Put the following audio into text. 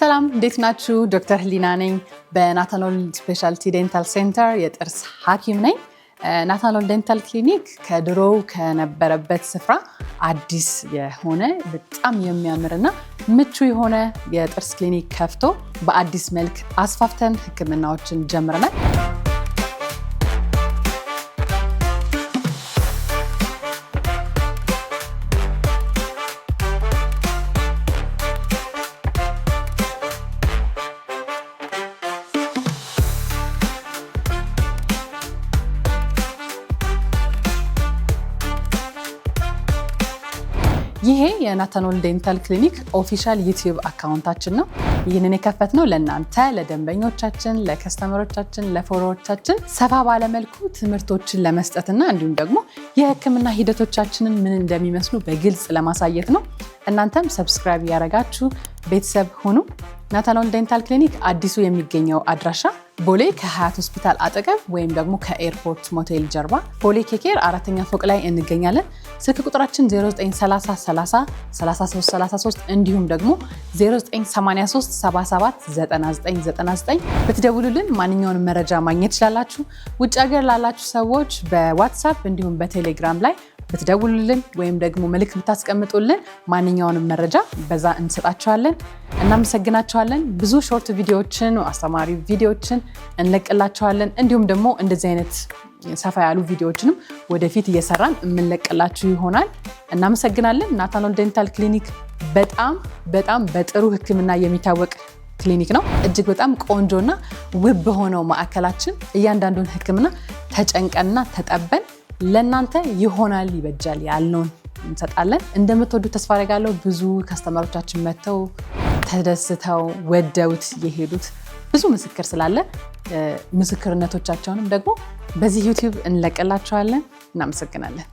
ሰላም እንዴት ናችሁ? ዶክተር ህሊና ነኝ። በናታኖል ስፔሻልቲ ዴንታል ሴንተር የጥርስ ሐኪም ነኝ። ናታኖል ዴንታል ክሊኒክ ከድሮው ከነበረበት ስፍራ አዲስ የሆነ በጣም የሚያምርና ምቹ የሆነ የጥርስ ክሊኒክ ከፍቶ በአዲስ መልክ አስፋፍተን ህክምናዎችን ጀምረናል። ይሄ የናታኖል ዴንታል ክሊኒክ ኦፊሻል ዩቲዩብ አካውንታችን ነው። ይህንን የከፈትነው ለእናንተ ለደንበኞቻችን፣ ለከስተመሮቻችን፣ ለፎሮዎቻችን ሰፋ ባለመልኩ ትምህርቶችን ለመስጠትና እንዲሁም ደግሞ የህክምና ሂደቶቻችንን ምን እንደሚመስሉ በግልጽ ለማሳየት ነው። እናንተም ሰብስክራይብ ያደረጋችሁ ቤተሰብ ሁኑ። ናታናል ዴንታል ክሊኒክ አዲሱ የሚገኘው አድራሻ ቦሌ ከሀያት ሆስፒታል አጠገብ ወይም ደግሞ ከኤርፖርት ሞቴል ጀርባ ቦሌ ኬኬር አራተኛ ፎቅ ላይ እንገኛለን። ስልክ ቁጥራችን 0930303333 እንዲሁም ደግሞ 0983779999 ብትደውሉልን ማንኛውንም መረጃ ማግኘት ትችላላችሁ። ውጭ ሀገር ላላችሁ ሰዎች በዋትሳፕ እንዲሁም በቴሌግራም ላይ ብትደውሉልን ወይም ደግሞ መልእክት ብታስቀምጡልን ማንኛውንም መረጃ በዛ እንሰጣቸዋለን። እናመሰግናቸዋለን። ብዙ ሾርት ቪዲዮዎችን፣ አስተማሪ ቪዲዮዎችን እንለቅላቸዋለን። እንዲሁም ደግሞ እንደዚህ አይነት ሰፋ ያሉ ቪዲዮዎችንም ወደፊት እየሰራን የምንለቅላችሁ ይሆናል። እናመሰግናለን። ናታኖል ዴንታል ክሊኒክ በጣም በጣም በጥሩ ሕክምና የሚታወቅ ክሊኒክ ነው። እጅግ በጣም ቆንጆና ውብ በሆነው ማዕከላችን እያንዳንዱን ሕክምና ተጨንቀንና ተጠበን ለእናንተ ይሆናል ይበጃል ያልነውን እንሰጣለን። እንደምትወዱ ተስፋ አደርጋለሁ። ብዙ ከስተመሮቻችን መጥተው ተደስተው ወደውት የሄዱት ብዙ ምስክር ስላለ ምስክርነቶቻቸውንም ደግሞ በዚህ ዩቲዩብ እንለቅላቸዋለን። እናመሰግናለን።